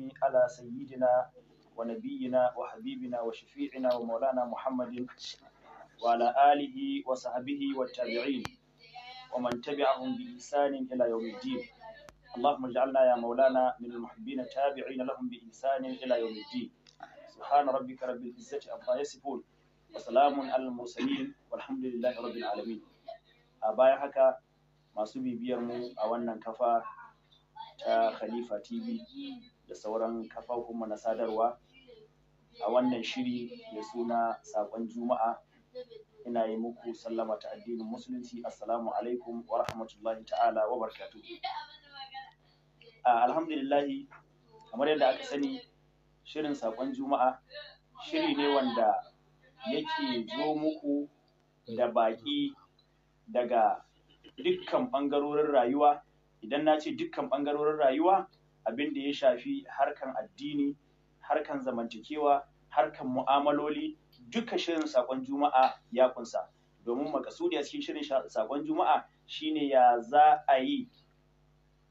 والسلام على سيدنا ونبينا وحبيبنا وشفيعنا ومولانا محمد وعلى آله وصحبه والتابعين ومن تبعهم بإحسان إلى يوم الدين اللهم اجعلنا يا مولانا من المحبين التابعين لهم بإحسان إلى يوم الدين سبحان ربك رب العزة عما يصفون وسلام على المرسلين والحمد لله رب العالمين أبايا هكا masu bibiyar mu a wannan kafa ta Khalifa TV da sauran kafafunmu na sadarwa a wannan shiri mai suna saƙon juma'a ina yi muku sallama ta addinin musulunci assalamu alaikum wa rahmatullahi ta'ala wa barakatuh alhamdulillahi kamar yadda aka sani shirin saƙon juma'a shiri ne wanda yake zo muku da baƙi daga dukkan ɓangarorin rayuwa idan na ce dukkan ɓangarorin rayuwa abin da ya shafi harkan addini harkan zamantakewa harkan mu'amaloli duka shirin sakon juma'a ya kunsa domin makasudiya cikin shirin sakon juma'a shine ya za a yi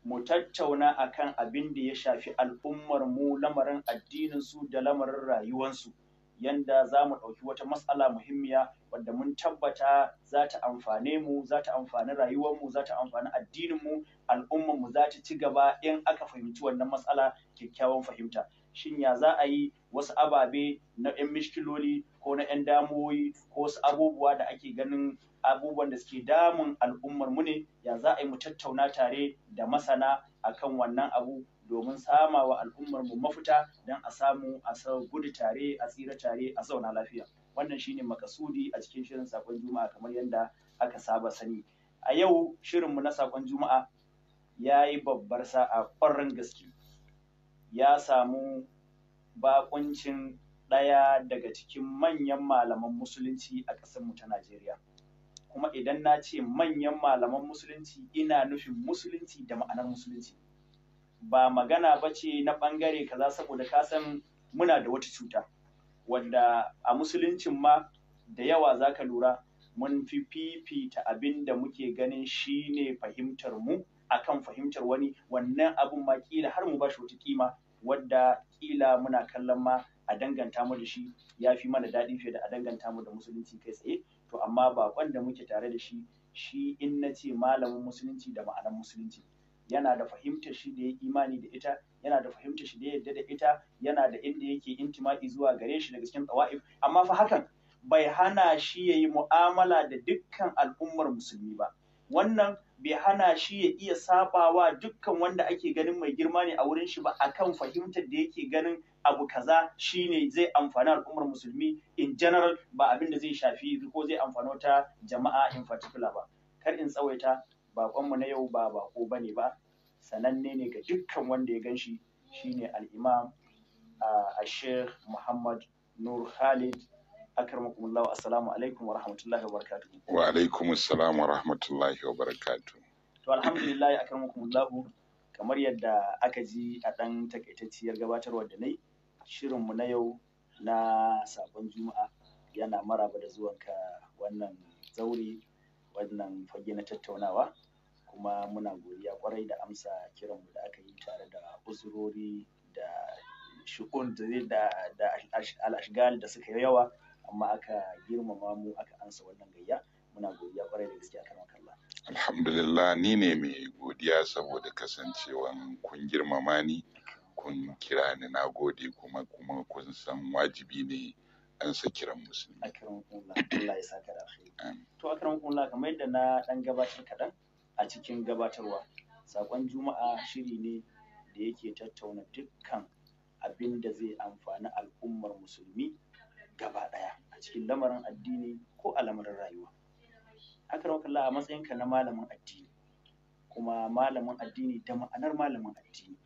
mu tattauna akan abin da ya shafi al'ummar mu lamarin addinin su da lamarin rayuwansu yanda za mu ɗauki wata matsala muhimmiya wadda mun tabbata za ta amfane mu za ta amfani rayuwarmu za ta amfani addinin addininmu al'ummarmu za ta ci gaba in aka fahimci wannan matsala kyakkyawan fahimta shin ya za a yi wasu ababe na 'yan mishkiloli ko na 'yan damuwoyi ko wasu abubuwa da ake ganin abubuwan da suke damun al'ummar mu ne ya za a yi mu tattauna tare da masana akan wannan abu domin sama wa al'ummar mu mafita don a samu a gudu tare a tsira tare a zauna lafiya wannan shine makasudi a cikin shirin sakon juma'a kamar yadda aka saba sani a yau shirinmu na sakon juma'a ya yi babbar sa'a ƙwarin gaske ya samu bakuncin ɗaya daga cikin manyan malaman musulunci a ƙasarmu ta najeriya kuma idan na ce manyan malaman musulunci ina nufin musulunci da ma'anar musulunci ba magana ba ce na ɓangare kaza saboda ka san muna da wata cuta wanda a musuluncin ma da yawa za ka lura mun fi fifita abin da muke ganin shi ne fahimtar mu akan fahimtar wani wannan abin ma kila har mu ba shi wata kima wadda kila muna kallon ma a danganta mu da shi ya fi mana daɗi fiye da a danganta mu da musulunci kai tsaye to amma baƙon da muke tare da shi shi in na ce malamin musulunci da ma'anar musulunci yana da fahimtar shi da ya imani da ita yana da fahimtar shi da ya yadda da ita yana da inda yake intima'i zuwa gare shi daga cikin tsawa'if amma fa hakan bai hana shi ya yi mu'amala da dukkan al'ummar musulmi ba wannan bai hana shi ya iya sabawa dukkan wanda ake ganin mai girma ne a wurin shi ba akan fahimtar da yake ganin abu kaza shine zai amfani al'ummar musulmi in general ba abin da zai shafi ko zai amfani wata jama'a in particular ba kar in tsawaita baƙonmu na yau ba baƙo ba ne ba sananne ne ga dukkan wanda ya ganshi shine al-imam a sheikh muhammad nur khalid akramakumullah assalamu alaikum wa rahmatullahi wa barakatuh wa alaikum assalam wa rahmatullahi wa barakatuh to alhamdulillah akramakumullah kamar yadda aka ji a ɗan takaitacciyar gabatarwar da shirin shirinmu na yau na sabon juma'a yana maraba da zuwanka wannan zauri wannan fage na tattaunawa kuma muna godiya kwarai da amsa kiranmu da aka yi tare da uzurori da shukun da al'ashgal da suka yi yawa amma aka girmama mu aka ansa wannan gayya muna godiya kwarai da gaskiya kan kalla alhamdulillah ni ne mai godiya saboda kasancewan kun girmama ni kun kira ni na gode kuma kuma kun san wajibi ne an sa kiran musulmi akramkum Allah ya saka da Amin. to akramkum Allah kamar yadda na dan gabatar kaɗan a cikin gabatarwa saƙon juma'a shiri ne da yake tattauna dukkan abin da zai amfani al'ummar musulmi gaba ɗaya a cikin lamarin addini ko a lamarin rayuwa akramakallah a matsayinka na malamin addini kuma malamin addini da ma'anar malamin addini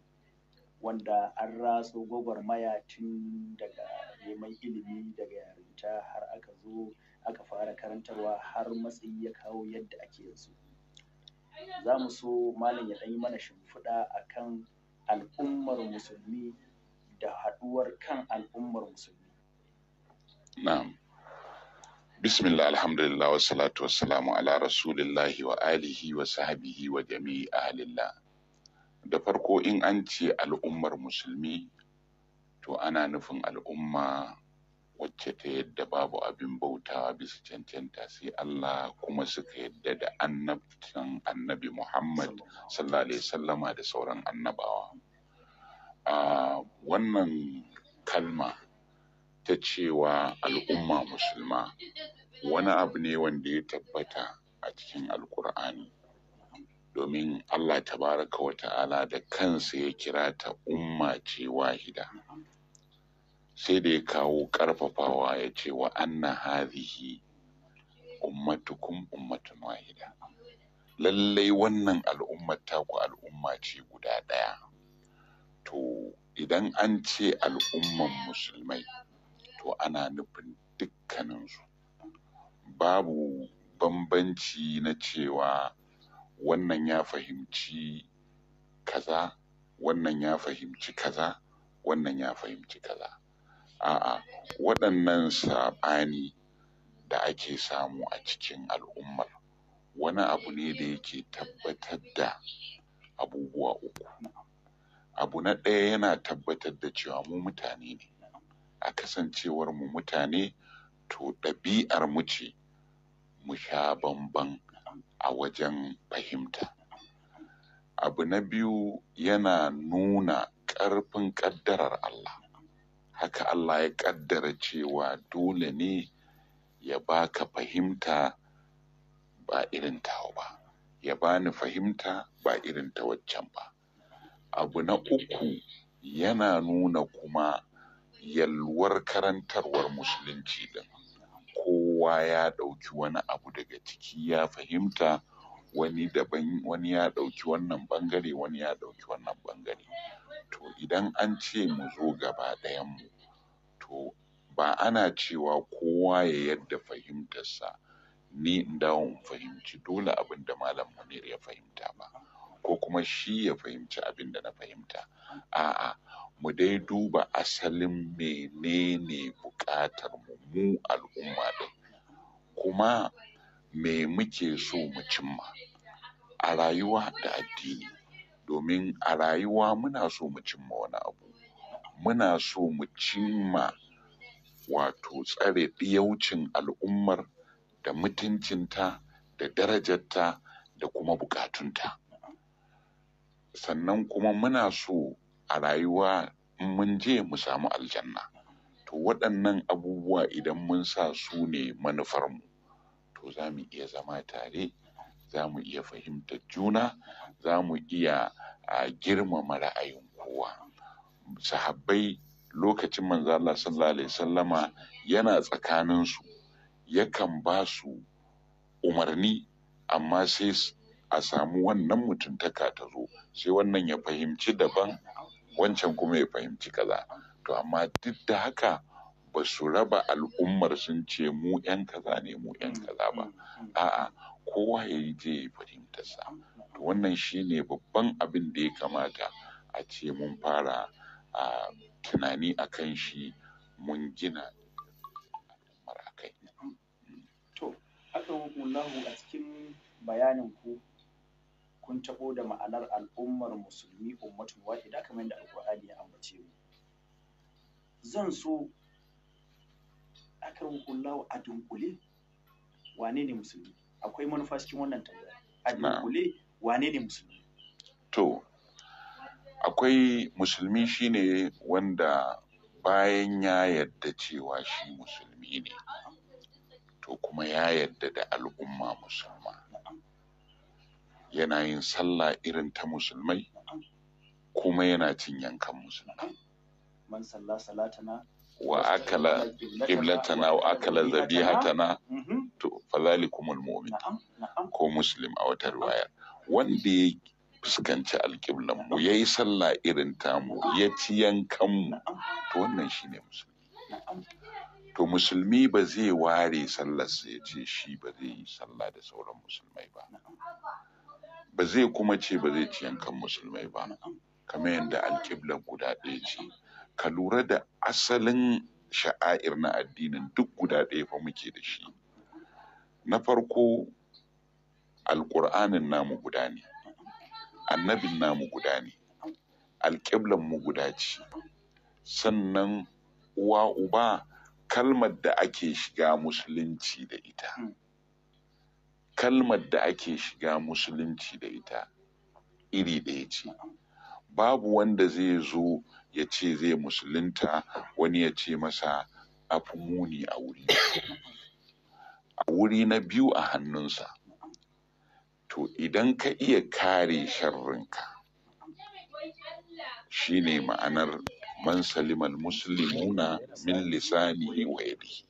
wanda an raso gwagwarmaya tun daga neman ilimi daga yarinta har aka zo aka fara karantarwa har matsayi ya kawo yadda ake yanzu za mu so malam ya yi mana shimfiɗa a kan al'ummar musulmi da haɗuwar kan al'ummar musulmi na'am bismillah alhamdulillah wa salatu wa salamu ala rasulillahi wa alihi wa sahabihi wa jami'i ahalillah. da farko in an ce al'ummar musulmi to ana nufin al'umma wacce ta yadda babu abin bautawa bisa cancanta sai Allah kuma suka yadda da annabtan annabi Muhammad sallallahu alaihi sallama da sauran annabawa. A wannan kalma ta cewa al'umma musulma wani abu ne wanda ya tabbata a cikin alkur'ani domin Allah tabaraka wa ta'ala da kansa ya kira ta umma ce wahida. sai da ya kawo ƙarfafawa ya ce wa anna hadhihi ummatukum ummatun wahida lallai wannan al'ummar taku al'umma ce guda ɗaya to idan an ce al'umman musulmai to ana nufin dukkaninsu babu bambanci na cewa wannan ya fahimci kaza wannan ya fahimci kaza wannan ya fahimci kaza A'a, waɗannan saɓani da ake samu a cikin al'ummar wani abu ne da yake tabbatar da abubuwa uku. Abu na ɗaya yana tabbatar da cewa mu mutane ne, a kasancewar mu mutane to ɗabi'ar mu ce mu sha bamban a wajen fahimta. Abu na biyu yana nuna ƙarfin ƙaddarar Allah. haka Allah ya ƙaddara cewa dole ne ya baka fahimta ba irin tawa ba ya bani fahimta ba irin ta waccan ba abu na uku yana nuna kuma yalwar karantarwar musulunci din kowa ya ɗauki wani abu daga ciki ya fahimta wani daban wani ya ɗauki wannan ɓangare wani ya ɗauki wannan ɓangare to idan an ce mu zo gaba ɗayan mu to ba ana cewa kowa ya yadda fahimtarsa ni in dawo in fahimci dole abin da malam munir ya fahimta ba ko kuma shi ya fahimci abin da na fahimta a'a mu dai duba asalin menene buƙatar mu mu al'umma ɗin, kuma me muke so mu cimma a rayuwa da addini domin a rayuwa muna so mu cimma wani abu muna so mu cimma wato tsare ɗiyaucin al'ummar da mutuncinta da darajarta da kuma buƙatunta. Sannan kuma muna so a rayuwa in mun je mu samu aljanna. To waɗannan abubuwa idan mun sa su ne manufarmu, to za mu iya zama tare, za mu iya fahimtar juna, za mu iya girmama ra'ayin kowa. Sahabbai lokacin manzo Allah sallallahu alaihi sallama yana tsakaninsu yakan ba su umarni amma sai a samu wannan mutuntaka ta zo sai wannan ya fahimci daban wancan kuma ya fahimci kaza to amma duk da haka ba su raba al'ummar sun ce mu 'yan kaza ne mu 'yan kaza ba a'a kowa ya yi je ya fahimtarsa to wannan shine babban abin da ya kamata a ce mun fara a tunani a kan shi mun gina marakai. To, aka hukulahu a cikin bayanin ku kun taɓo da ma'anar al'ummar musulmi ummatun wahida kamar yadda alƙur'ani ya ambace mu. Zan so aka hukulahu a dunkule wane ne musulmi? Akwai manufa cikin wannan tambaya. A dunkule wane ne musulmi? To, akwai musulmi shine wanda bayan ya yadda cewa shi musulmi ne to kuma ya yadda da al'umma musulma yana yin sallah irin ta musulmai kuma yana cin yankan musulmai wa akala na, wa akala zabihatana mhm. to fadhalikumul mu'min ko muslim a wata riwaya wanda ya fuskanci alƙiblan mu yi sallah irin tamu ya ci yankan mu to wannan ne musulmi to musulmi ba zai ware sallarsa ya ce shi ba zai yi sallah da sauran musulmai ba ba zai kuma ce ba zai ci yankan musulmai ba kamar yadda alƙiblan guda ɗaya ce ka lura da asalin sha'air na addinin duk guda ɗaya fa muke da shi na farko alƙur'anin namu guda ne annabin namu guda ne alƙiblan mu guda ce sannan uwa uba kalmar da ake shiga musulunci da ita kalmar da ake shiga musulunci da ita iri ɗaya ce babu wanda zai zo ya ce zai musulunta wani ya ce masa afi muni a wuri a wuri na biyu a hannunsa to idan ka iya kare sharrinka shine ma'anar man salimal muslimuna min lisanihi wa yadihi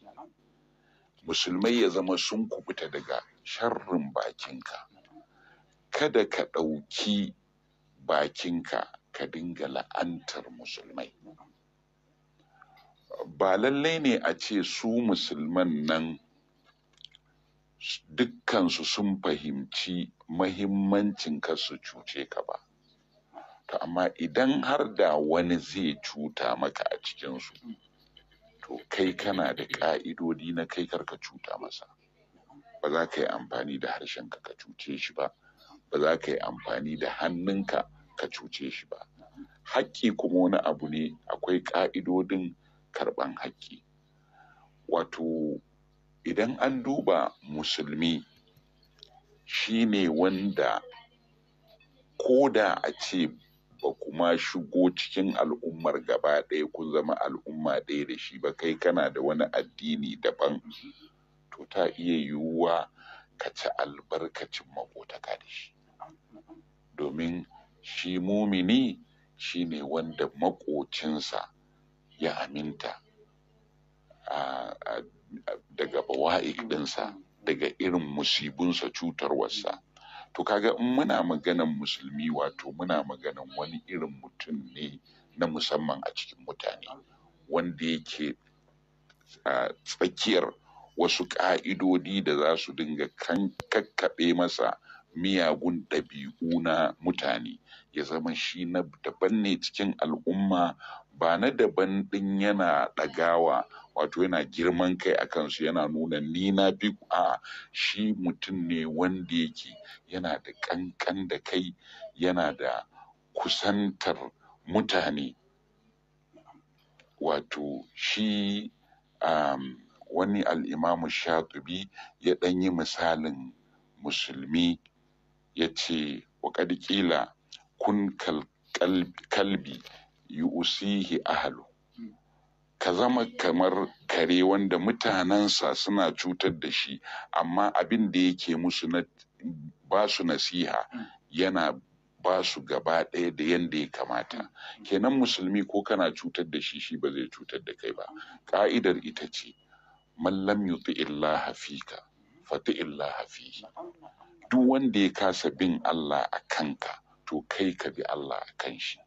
musulmai ya zama sun kubuta daga sharrin bakinka kada ka ɗauki bakinka ka dinga la'antar musulmai ba lallai ne a ce su musulman nan dukkansu sun fahimci mahimmancin kar su cuce ka ba. To amma idan har da wani zai cuta maka a cikinsu, to kai kana da ƙa'idodi na kai kar ka cuta masa. Ba za ka yi amfani da harshenka ka cuce shi ba, ba za ka yi amfani da hannunka ka cuce shi ba. Haƙƙi kuma wani abu ne akwai ƙa'idodin karɓan hakki Wato idan an duba musulmi shi ne wanda ko da a ce ba kuma shigo cikin al'ummar gaba ɗaya kun zama al'umma ɗaya da shi ba kai kana da wani addini daban to ta iya yiwuwa ka ci albarkacin maƙotaka da shi domin shi mumini shi ne wanda makocinsa ya aminta daga bawa'ik ɗinsa daga irin cutar cutarwarsa to kaga in muna maganan musulmi wato muna maganan wani irin mutum ne na musamman a cikin mutane wanda yake tsakiyar wasu ƙa'idodi da za su dinga kakkaɓe masa miyagun ɗabi'u na mutane ya zama shi na daban ne cikin al'umma ba na daban ɗin yana ɗagawa wato yana girman kai a kansu yana nuna ni na fi a shi mutum ne wanda yake yana da ƙanƙan da kai yana da kusantar mutane wato shi um, wani al'imamu shatubi ya ɗan yi misalin musulmi ya ce wa ƙadƙila kun kalbi yu'usihi ahlu hmm. ka zama kamar kare wanda mutanensa suna cutar da shi amma abin da yake musu na ba su nasiha hmm. yana ba su gaba ɗaya da yadda ya kamata hmm. kenan musulmi ko kana cutar da shi shi ba zai cutar da kai ba ƙa'idar ita ce mallam yuti illaha fika fati illaha fihi duk wanda ya kasa bin Allah a kanka to kai ka bi Allah a kan shi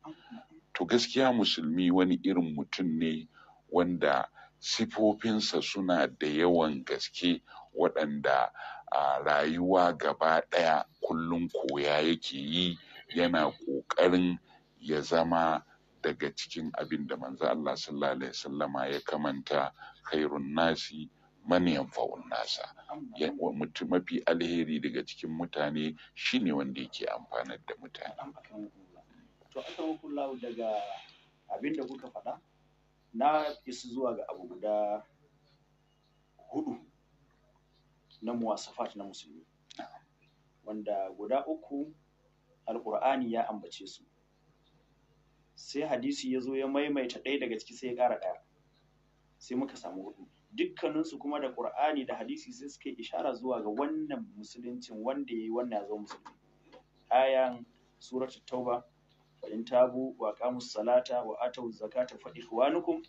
to gaskiya musulmi wani irin mutum ne wanda sifofinsa suna da yawan gaske waɗanda a rayuwa gaba ɗaya kullum koya yake yi yana ƙoƙarin ya zama daga cikin abin da manzo Allah sallallahu alaihi wasallama ya kamanta khairun nasi man yanfa'un nasa Mutum mafi alheri daga cikin mutane shine wanda yake amfanar da mutane to akan daga abin da kuka faɗa na isu zuwa ga abu guda hudu na muwasafat na musulmi wanda guda uku alƙur'ani ya ambace su sai hadisi ya zo ya maimaita ɗaya daga ciki sai ya ƙara ɗaya sai muka samu hudu dukkaninsu kuma da ƙur'ani da hadisi sai suka ishara zuwa ga wannan musuluncin wanda ya yi wannan ya zama musulmi ayan suratul tauba fa in tabu wa qamu salata wa atu zakata fa ikhwanukum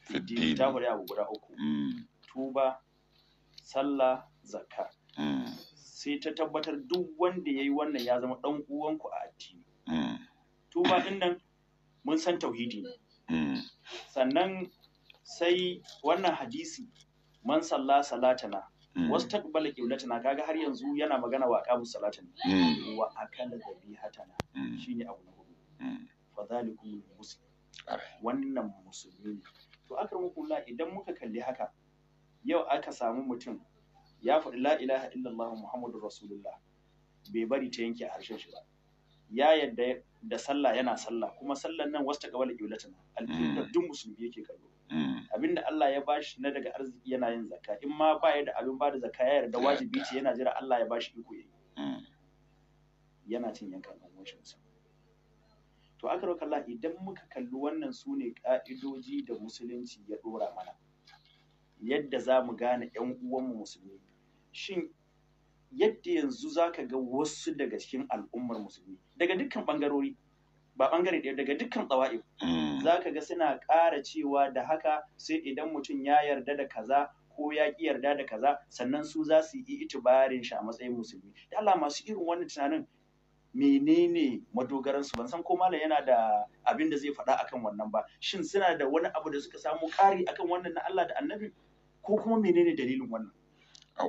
fi din ta hore abu guda uku mm. tuba sallah mm. sai ta tabbatar duk wanda yayi wannan ya zama ɗan uwanku a addini mm. tuba din nan mun san tauhidi ne sannan sai wannan hadisi man salla salatana wasu takbala kiblatana kaga har yanzu yana magana wa aqamu salatana wa akala dhabihatana shine abu na fa muslim wannan musulmi ne to la idan muka kalli haka yau aka samu mutum ya faɗi la ilaha illallah muhammadur rasulullah bai bari ta yanke a harshen shi ba ya yadda da sallah yana sallah kuma sallan nan wasu taƙawal ƙiblatan alƙiblar mm. duk musulmi yake kallo mm. abinda Allah ya bashi na daga arziki yana yin zakka in ma ba da abin ba da zakka ya yarda wajibi ce yana jira Allah ya bashi iko yayi mm. yana cin yankan ɗan wasu musulmi to aka kalla idan muka kalli wannan su ne ƙa'idoji da musulunci ya ɗora mana yadda za mu gane 'yan uwanmu musulmi shin yadda yanzu za ka ga wasu daga cikin al'ummar musulmi daga dukkan ɓangarori ba ɓangare ɗaya daga dukkan tsawa'i mm. za ka ga suna ƙara cewa da haka sai idan mutum ya yarda da kaza ko ya ƙi yarda da kaza sannan su za su yi itibarin shi a matsayin musulmi da Allah masu irin wannan tunanin menene madogaran su ban san ko malam yana da abin da zai faɗa akan wannan ba shin suna da wani abu da suka samu ƙari akan wannan na Allah da Annabi ko kuma menene dalilin wannan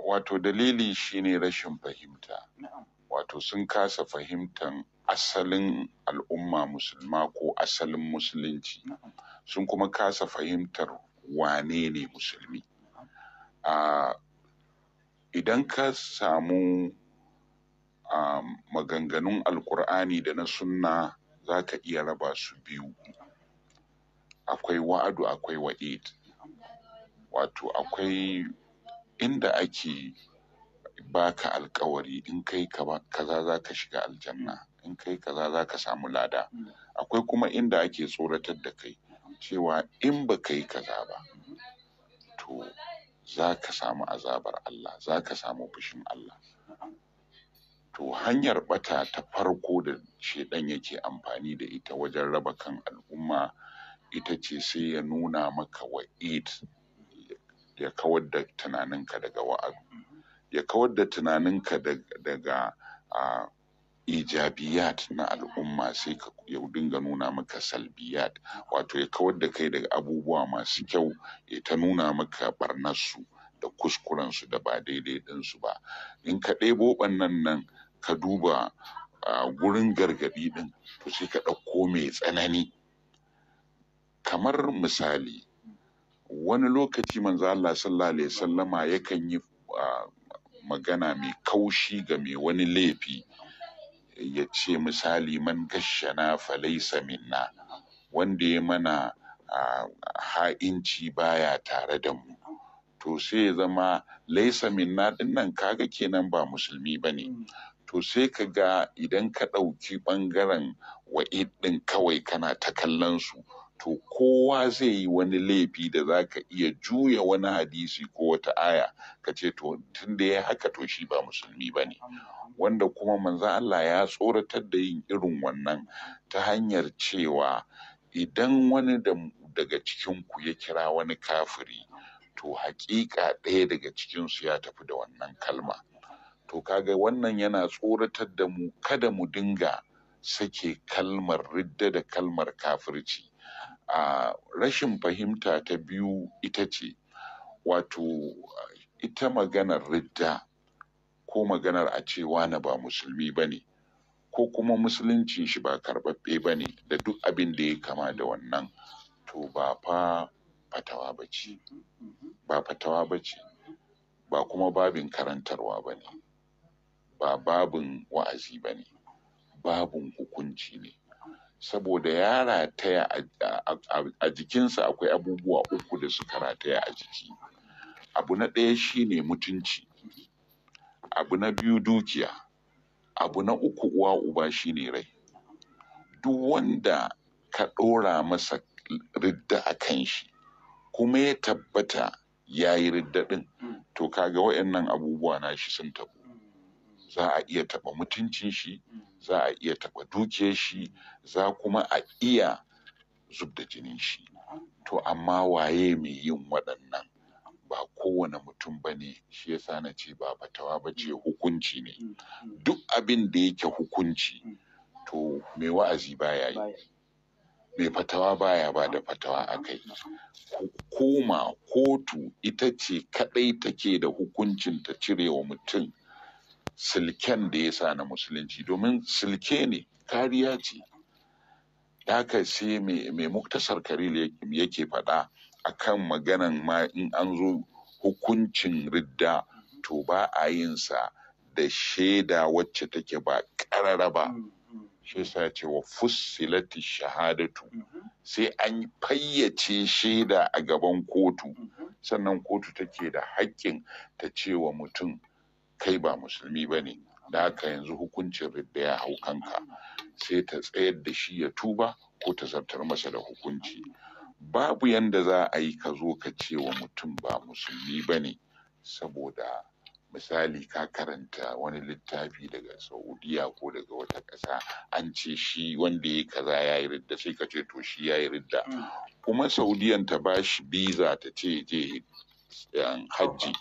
wato dalili shine rashin fahimta wato sun kasa fahimtan asalin al'umma musulma ko asalin musulunci sun kuma kasa fahimtar wane ne musulmi idan ka samu Um, maganganun alkur'ani da na sunna za ka iya raba su biyu akwai wa'adu akwai wa'id wato akwai inda ake baka alkawari in kai kaza za ka shiga aljanna in kai kaza za ka samu lada akwai kuma inda ake tsoratar da kai cewa in ba ka yi kaza ba to za ka samu azabar Allah za ka samu fushin Allah to hanyar ɓata ta farko da shaiɗan yake amfani da ita wajen raba kan al'umma ita ce sai ya nuna maka wa'id ya kawar da tunaninka daga wa'adu ya kawar da tunaninka daga ijabiyat na al'umma sai ya dinga nuna maka salbiyat wato ya kawar da kai daga abubuwa masu kyau ya ta nuna maka barnarsu da kuskurensu da ba daidai ɗinsu ba in ka ɗebo ɓannan nan ka duba a gurin gargaɗi ɗin to sai ka ɗauko mai tsanani kamar misali wani lokaci manzo Allah sallallahu alaihi sallama yakan yi magana mai kaushi ga mai wani laifi ya ce misali man gashana falaisa minna wanda ya mana ha'inci baya tare da mu to sai ya zama laisa minna dinnan kaga kenan ba musulmi bane mm. to sai ka ga idan ka ɗauki ɓangaren wa'id ɗin kawai kana ta kallon su to kowa zai yi wani laifi da za ka iya juya wani hadisi ko wata aya ka ce to tun da ya haka to shi ba musulmi ba ne wanda kuma manzan Allah ya tsoratar da yin irin wannan ta hanyar cewa idan wani daga cikinku ya kira wani kafiri to haƙiƙa ɗaya daga cikinsu ya tafi da wannan kalma to kaga wannan yana tsoratar da mu kada mu dinga sake kalmar ridda da kalmar kafirci a rashin fahimta ta biyu ita ce wato ita maganar ridda ko maganar a cewa na ba musulmi ba ne ko kuma musuluncin shi ba karbabbe ba ne da duk abin da ya kama da wannan to ba fa fatawa ba ce ba fatawa ba ce ba kuma babin karantarwa ba ne ba babin wa'azi ba ne babin hukunci ne saboda ya rataya a jikinsa akwai abubuwa uku da suka rataya a jiki abu na ɗaya shine mutunci abu na biyu dukiya abu na uku uwa uba shine rai duk wanda ka ɗora masa ridda a kan shi kuma ya tabbata ya yi ridda ɗin to kaga waɗannan abubuwa na shi sun tabo za a iya taɓa mutuncin shi mm. za a iya taɓa dukiyar shi mm. za kuma a iya zub da jinin shi to amma waye mai yin waɗannan ba kowane mutum bane ne shi yasa na ce ba fatawa bace mm. hukunci ne duk abin da yake hukunci to mai wa'azi baya yi mai fatawa baya ba da fatawa a kai hukuma kotu ita ce kadai take da hukuncin ta cire wa mutum silken da ya sa na musulunci domin silke ne kariya ce da haka sai mai muktasar karil yake faɗa kan maganan ma in an zo hukuncin ridda to ba a yin sa da shaida wacce take ba ƙarara ba mm-hmm. shi sa ce wa fussilati shahadatu mm-hmm. sai an fayyace shaida a gaban kotu mm-hmm. sannan kotu take da haƙƙin ta ce wa mutum kai ba musulmi ba ne da haka yanzu hukuncin ridda ya hau kanka sai ta tsayar da shi ya tuba ko ta zartar masa da hukunci babu yanda za a yi ka zo ka ce wa mutum ba musulmi ba ne saboda misali ka karanta wani littafi daga saudiya ko daga wata ƙasa an ce shi wanda ya kaza ya yi ridda sai ka ce to shi ya yi ridda mm. kuma saudiyan ta ba shi biza ta ce je eh, hajji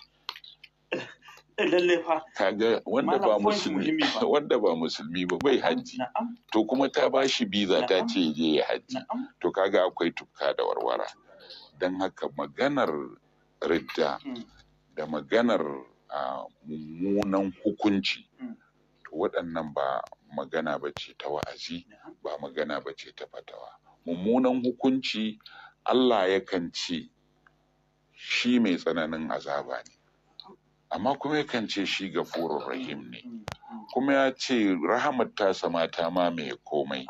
kaga wanda ba musulmi wanda ba musulmi ba bai hajji. to kuma ta bashi biza ta ce je ya hajji. to kaga akwai tufka da warwara don haka maganar ridda hmm. da maganar mummunan hukunci hmm. to waɗannan ba magana ba ce ta wa'azi ba magana ba ce ta fatawa mummunan hukunci Allah yakan ce shi mai tsananin azaba ne amma kuma yakan ce shi gafurur rahim ne mm, mm, mm. kuma ya ce rahamar tasa mata ma mai komai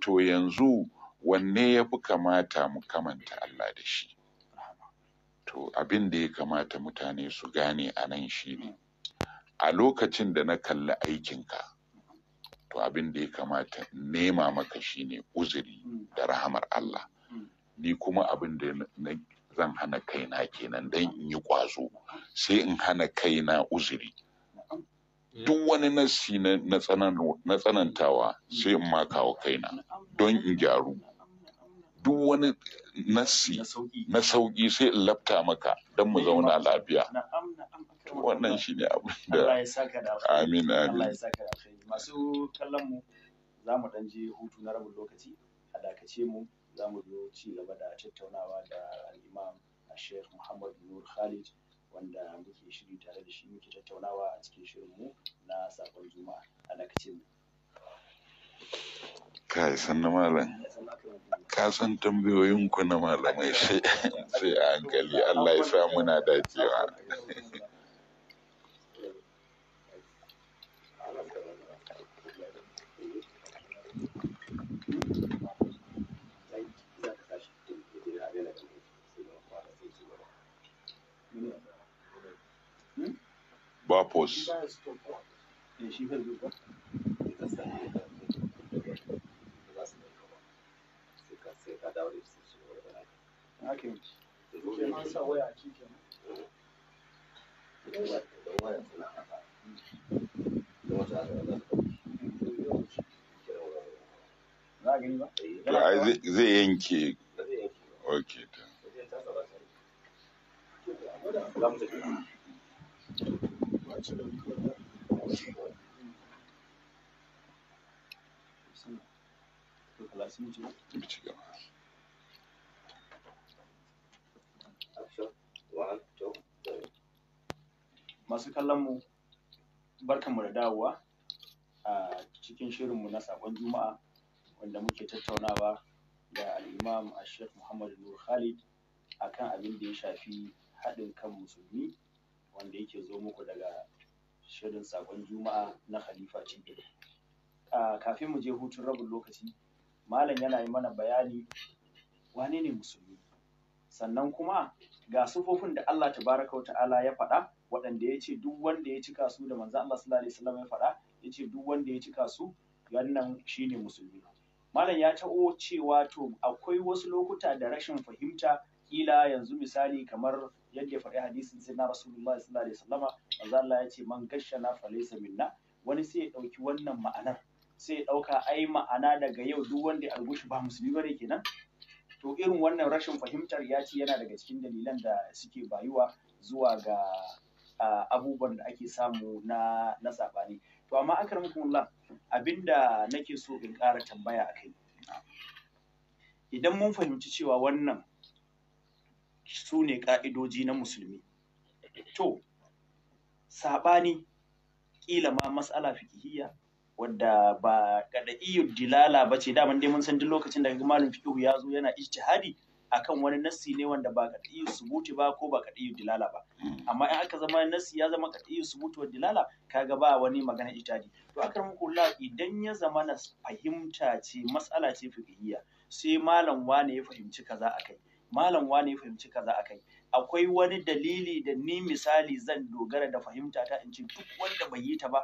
to yanzu wanne ya fi kamata mu kamanta Allah da shi to abin da ya kamata mutane su gane a nan shi ne a lokacin da na kalli aikinka to abin da ya kamata nema maka shi ne uzuri da rahamar Allah ni kuma abin da zan hana kaina kenan dan in yi ƙwazo sai in hana kaina uzuri duk wani nasi na tsanantawa sai in ma kawo kaina don in gyaru duk wani nasi na sauƙi sai in lafta maka don mu zauna lafiya wannan shi ne abu da amin amin masu kallon mu za mu ɗan je hutu na rabin lokaci a dakace mu za mu zo ci gaba da tattaunawa da al'imam Sheikh Muhammad Nur Khalid wanda muke shiri tare da shi muke tattaunawa a cikin shirinmu na sakon juma'a a mu kai san na malam ka san tambayoyinku na malamai sai a hankali Allah ya sa muna dacewa Bapos. zai yanke masu kallon mu mu da dawowa a cikin shirin mu na sakon juma'a wanda muke tattaunawa da al'imam shek Muhammadu nur khalid akan abin da ya shafi haɗin kan musulmi wanda yake zo muku daga shirin sakon juma'a na khalifa cikin kafin mu je hutun rabin lokaci malam yana yi mana bayani wane ne musulmi sannan kuma ga sufofin da Allah tabaraka wa ta'ala ya faɗa waɗanda ya ce duk wanda ya cika su da manzo Allah sallallahu alaihi wasallam ya faɗa ya ce duk wanda ya cika su wannan shine musulmi malam ya taɓo cewa to akwai wasu lokuta da rashin fahimta kila yanzu misali kamar yadda ya faɗi hadisin sai na rasulullahi sallallahu alaihi wasallama manzo Allah ya ce man na falaisa minna wani sai ya ɗauki wannan ma'anar sai ya ɗauka ai ma'ana daga yau duk wanda ya algushi ba musulmi bane kenan to irin wannan rashin fahimtar ya ce yana daga cikin dalilan da suke bayuwa zuwa ga abubuwan da ake samu na na sabani to amma akramakumullah abinda nake so in ƙara tambaya akai idan mun fahimci cewa wannan su ne ƙa'idoji na musulmi to saɓani ƙila ma matsala fikihiyya wadda ba kada iyo dilala ba ce daman dai mun san duk lokacin da malum fikihu ya zo yana ijtihadi akan wani nassi ne wanda ba kada iya subuti ba ko ba kada iya dilala ba amma in aka zama nassi ya zama kada iya subuti wa dilala kaga ba wani magana itace, to akar muku la idan ya zama na fahimta ce matsala ce fikihiyya sai malam wane ya fahimci kaza a kai. malam wane fahimci kaza a kai. akwai wani dalili da ni misali zan dogara da fahimta ta in ce duk wanda bai yi ta ba